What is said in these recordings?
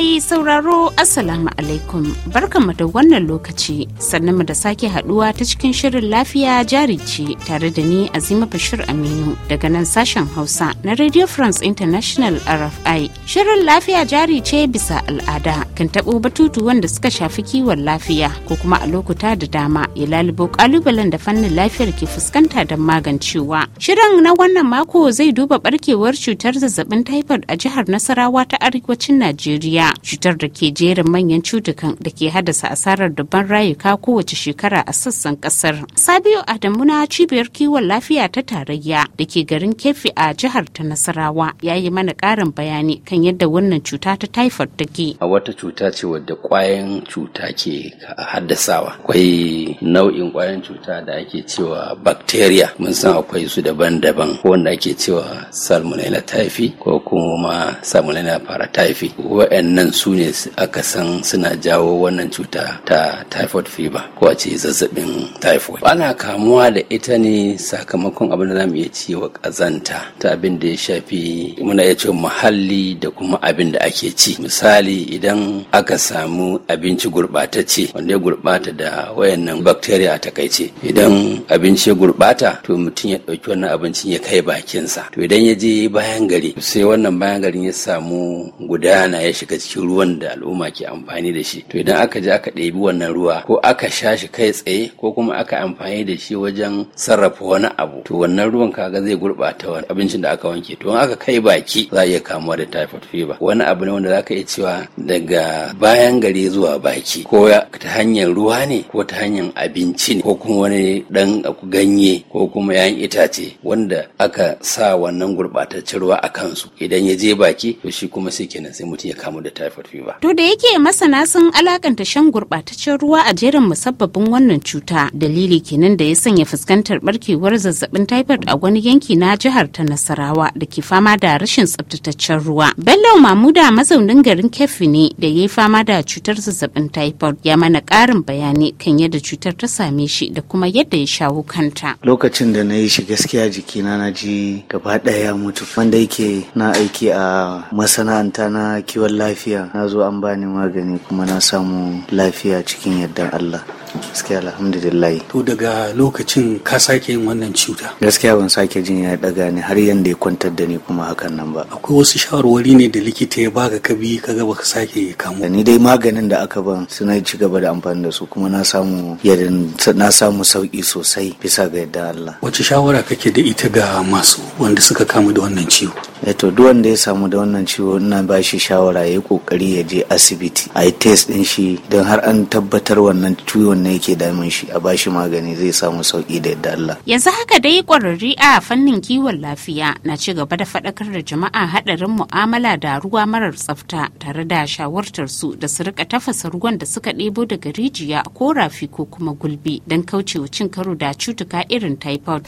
Mai sauraro Assalamu alaikum barkanmu da wannan lokaci sannan mu da sake haduwa ta cikin shirin lafiya jari ce tare da ni Azima Bashir Aminu daga nan sashen Hausa na Radio France International RFI. Shirin lafiya jari ce bisa al'ada kan tabo batutu wanda suka shafi kiwon lafiya ko kuma a lokuta da dama ya lalubo kalubalen da fannin lafiyar ke fuskanta da magancewa. Shirin na wannan mako zai duba barkewar cutar zazzabin taifod a jihar Nasarawa ta arewacin Najeriya. cutar da ke jerin manyan cutukan da ke haddasa asarar dubban rayuka kowace shekara a sassan kasar sabiu adamu na cibiyar kiwon lafiya ta tarayya da ke garin kefi a jihar ta nasarawa ya yi mana karin bayani kan yadda wannan cuta ta typhoid take a wata cuta ce wadda kwayan cuta ke haddasawa akwai nau'in kwayan cuta da ake cewa bacteria mun san akwai su daban-daban wanda ake cewa salmonella typhi ko kuma salmonella paratyphi wa'yan Nan su ne aka san suna jawo wannan cuta ta typhoid fever ko a ce zazzabin typhoid ana kamuwa da ita ne sakamakon abin da zamu iya cewa kazanta ta abin da ya shafi muna iya cewa muhalli da kuma abin da ake ci misali idan aka samu abinci gurɓatacce wanda ya gurɓata da wayannan bacteria a takaice idan abinci ya gurɓata to mutum ya ɗauki wannan abincin ya kai bakinsa to idan ya je bayan gari sai wannan bayan garin ya samu gudana ya shiga cikin ruwan da al'umma ke amfani da shi to idan aka je aka ɗebi wannan ruwa ko aka sha shi kai tsaye ko kuma aka amfani da shi wajen sarrafa wani abu to wannan ruwan kaga zai gurɓata wani abincin da aka wanke to in aka kai baki za a iya kamuwa da typhoid fever wani abu ne wanda za ka iya cewa daga bayan gari zuwa baki ko ta hanyar ruwa ne ko ta hanyar abinci ne ko kuma wani ɗan ganye ko kuma yayan itace wanda aka sa wannan gurɓataccen ruwa a kansu idan ya je baki to shi kuma sai kenan sai mutum ya kamu da da typhoid fever. To da yake masana sun alakanta shan gurɓataccen ruwa a jerin musabbabin wannan cuta dalili kenan da ya sanya fuskantar barkewar zazzabin typhoid a wani yanki na jihar ta Nasarawa da ke fama da rashin tsabtataccen ruwa. Bello Mamuda mazaunin garin kefi ne da ya yi fama da cutar zazzabin typhoid ya mana ƙarin bayani kan yadda cutar ta same shi da kuma yadda ya shawo kanta. Lokacin da na yi shi gaskiya jikina na ji gaba ɗaya mutu wanda yake na aiki a masana'anta na kiwon lafiya. lafiya na zo an bani magani kuma na samu lafiya cikin yadda Allah gaskiya alhamdulillah to daga lokacin ka sake yin wannan cuta gaskiya ban sake jin ya daga ni har yanda ya kwantar da ni kuma hakan nan ba akwai wasu shawarwari ne da likita ya baka ka bi ka ga baka sake kamu ni dai maganin da aka ban suna ci gaba da amfani da su kuma na samu yadin na samu sauki sosai bisa ga yadda Allah wace shawara kake da ita ga masu wanda suka kamu da wannan ciwo Eh, to duk wanda ya samu da wannan ciwo ina ba shi shawara ya yi kokari ya je asibiti a yi test din shi don har an tabbatar wannan ciwon ne yake damun shi a ba shi magani zai samu sauki da yadda Allah yanzu haka dai kwararri a fannin kiwon lafiya na ci gaba da faɗakar da jama'a haɗarin mu'amala da ruwa marar tsafta tare da shawartar su da su rika tafasa ruwan da suka ɗebo daga rijiya ko rafi ko kuma gulbi don kaucewa cin karo da cutuka irin typhoid.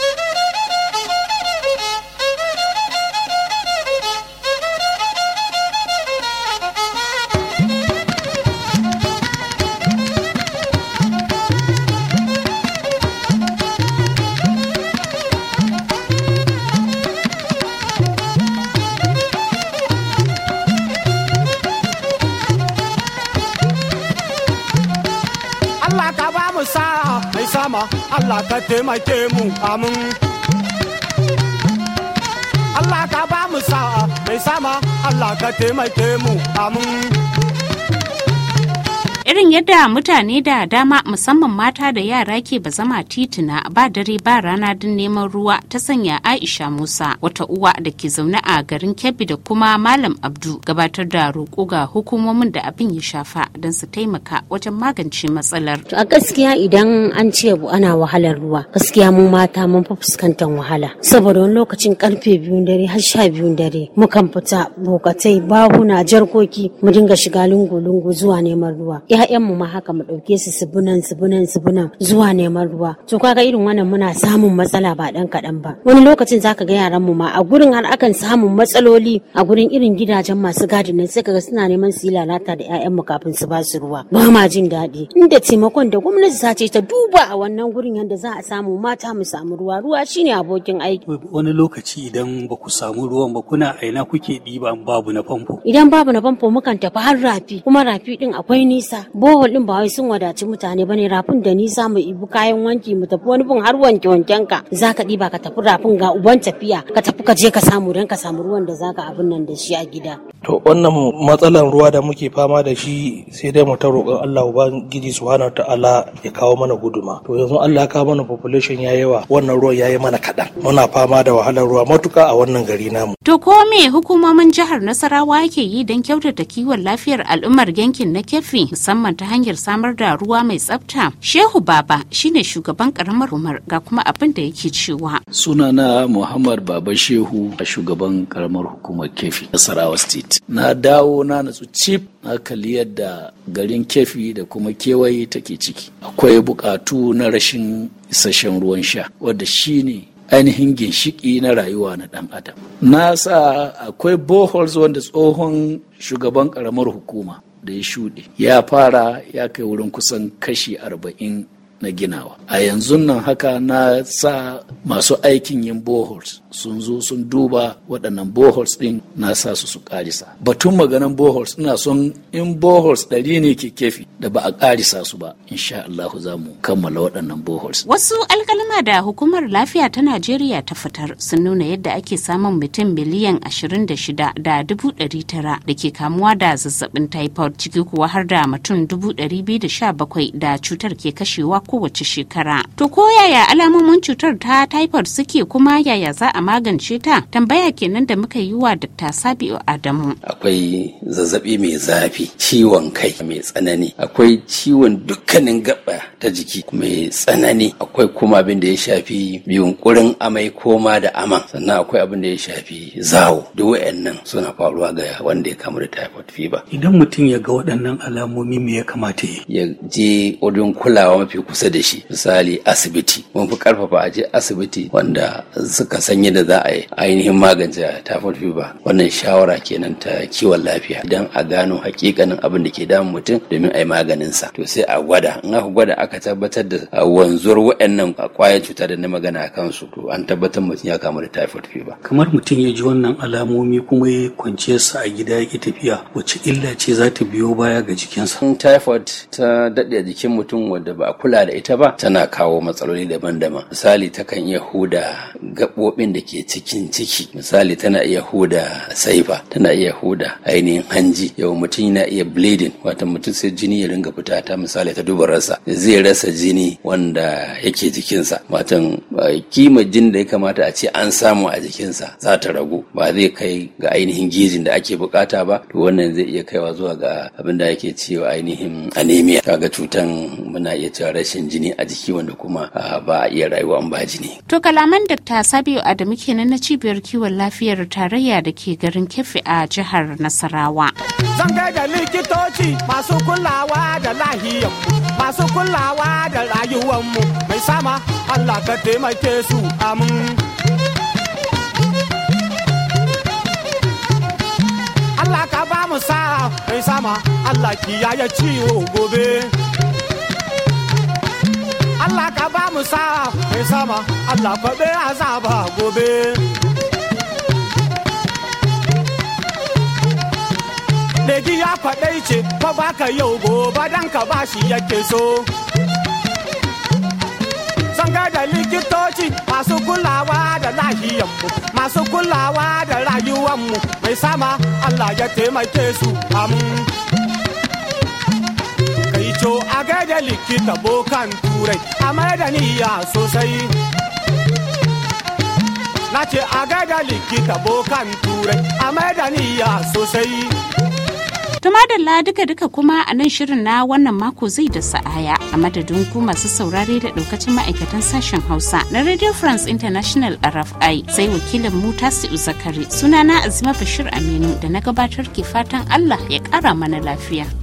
Allah ka taimake mu amin Allah ka ba mu sa'a mai sama Allah ka taimake mu amin Irin yadda mutane da dama musamman mata da yara ke ba zama tituna ba dare ba rana don neman ruwa ta sanya Aisha Musa wata uwa da ke zaune a garin Kebbi da kuma Malam Abdu gabatar da roƙo ga hukumomin da abin ya shafa don su taimaka wajen magance matsalar. a gaskiya idan an ce ana wahalar ruwa gaskiya mu mata mun fi fuskantar wahala saboda wani lokacin karfe biyu dare har sha biyun dare mukan fita bokatai babuna jarkoki mu dinga shiga lungu-lungu zuwa neman ruwa. ƴaƴanmu ma haka mu ɗauke su subunan subunan subunan zuwa neman ruwa to kaga irin wannan muna samun matsala ba ɗan kaɗan ba wani lokacin zaka ga yaran mu ma a gurin har akan samun matsaloli a gurin irin gidajen masu gadi nan sai kaga suna neman su yi lalata da ƴaƴanmu kafin su ba su ruwa ba ma jin daɗi inda taimakon da gwamnati ta ce ta duba a wannan gurin yadda za a samu mata mu samu ruwa ruwa shine abokin aiki wani lokaci idan ba ku samu ruwan ba kuna aina kuke ɗiba babu na famfo idan babu na famfo mukan tafi har rafi kuma rafi ɗin akwai nisa bohol din ba wai sun wadaci mutane bane rafin da ni samu ibu kayan wanki mu tafi wani bin har wanke wanken ka zaka ka ɗiba ka tafi rafin ga uban tafiya ka tafi ka je ka samu don ka samu ruwan da zaka abin nan da shi a gida to wannan matsalar ruwa da muke fama da shi sai dai mu ta roƙon Allah ubangiji subhanahu ta'ala ya kawo mana guduma to yanzu Allah ya kawo mana population ya yawa wannan ruwan ya yi mana kaɗan muna fama da wahalar ruwa matuka a wannan gari namu to ko me hukumomin jihar Nasarawa yake yi don kyautata kiwon lafiyar al'ummar yankin na kefi musamman ta hanyar samar da ruwa mai tsafta Shehu Baba shine shugaban karamar umar ga kuma abin da yake cewa sunana Muhammad Baba Shehu shugaban karamar hukumar kefi Nasarawa State na dawo na natsu cif na kalli yadda garin kefi da kuma kewaye take ciki akwai bukatu na rashin isasshen ruwan sha wadda shine ainihin ginshiki na rayuwa na ɗan adam na sa akwai boholes wanda tsohon shugaban ƙaramar hukuma da ya shuɗe ya fara ya kai wurin kusan kashi arba'in na ginawa a yanzu nan haka na sa masu aikin yin boholes sun zo sun duba waɗannan boholes ɗin na sa su su ƙarisa batun maganan boholes ina son in boholes ɗari ne ke kefi da ba a ƙarisa su ba insha Allah za mu kammala waɗannan boholes wasu alƙalma da hukumar lafiya ta Najeriya ta fitar sun nuna yadda ake samun mutum miliyan 26 da dubu ɗari tara da ke kamuwa da zazzabin typhoid ciki kuwa har da mutum dubu ɗari biyu da sha bakwai da cutar ke kashewa kowace shekara. To ko yaya alamomin cutar ta typhoid suke kuma yaya za a magance ta? Tambaya kenan da muka yi wa Dr. Sabi'u Adamu. Akwai zazzabi mai zafi, ciwon kai mai tsanani, akwai ciwon dukkanin gaba ta jiki mai tsanani, akwai kuma abin da ya shafi yunkurin amai koma da aman, sannan akwai abin da ya shafi zawo. Duk wayannan suna faruwa ga wanda ya kamu da typhoid fever. Idan mutum ya ga waɗannan alamomi me ya kamata ya je wajen kulawa mafi kusa kusa da shi misali asibiti mun fi karfafa a je asibiti wanda suka san da za a yi ainihin magance typhoid ba wannan shawara kenan ta kiwon lafiya idan a gano hakikanin abin da ke damun mutum domin a yi maganin sa to sai a gwada in aka gwada aka tabbatar da uh, wanzuwar waɗannan kwayar uh, cuta da na magana a kansu to an tabbatar mutum ya kamu da typhoid fever kamar mutum ya ji wannan alamomi kuma ya kwanciyar sa a gida ya ki tafiya wace illa ce za ta biyo baya ga jikinsa typhoid ta daɗe jikin mutum wanda ba a kula da da ita ba tana kawo matsaloli daban-daban misali takan iya huda gaɓoɓin da ke cikin ciki misali tana iya huda saifa tana iya huda ainihin hanji yau mutum yana iya bleeding wata mutum sai jini ya ringa fita ta misali ta duba dubararsa zai rasa jini wanda yake jikinsa watan kimar jini da ya kamata a ce an samu a jikinsa za ta ragu ba zai kai ga ainihin gejin da ake bukata ba to wannan zai iya kaiwa zuwa ga abin da ake cewa ainihin anemia kaga cutan muna iya cewa rashin jini a jiki wanda kuma ba a iya rayuwa an ba jini. To kalaman Dr. Sabiu Adamu kenan na cibiyar kiwon lafiyar tarayya da ke garin Kefe a jihar Nasarawa. Zan da likitoci masu kulawa da lahiyar masu kulawa da mu mai sama Allah ka taimake su amin. Allah ka ba mu sa mai sama Allah kiyaye ciwo gobe. Allah ka ba mu mai sama Allah kwaɓe azaba gobe. Legi ya faɗai ce fa baka yau gobe dan ka ba shi yake so. Sanga da likitoci masu kulawa da lahiyanmu masu kulawa da rayuwanmu mai sama Allah ya taimake su amin. gaida likita bokan turai a da sosai na ce a gaida likita bokan turai a da ya sosai Tumadalla duka-duka kuma a nan shirin na wannan mako zai da sa'aya a madadin ku masu saurare da daukacin ma'aikatan sashen Hausa na Radio France International RFI sai wakilin mu Tasi'u Zakari sunana Azima Bashir Aminu da na gabatar ke fatan Allah ya kara mana lafiya.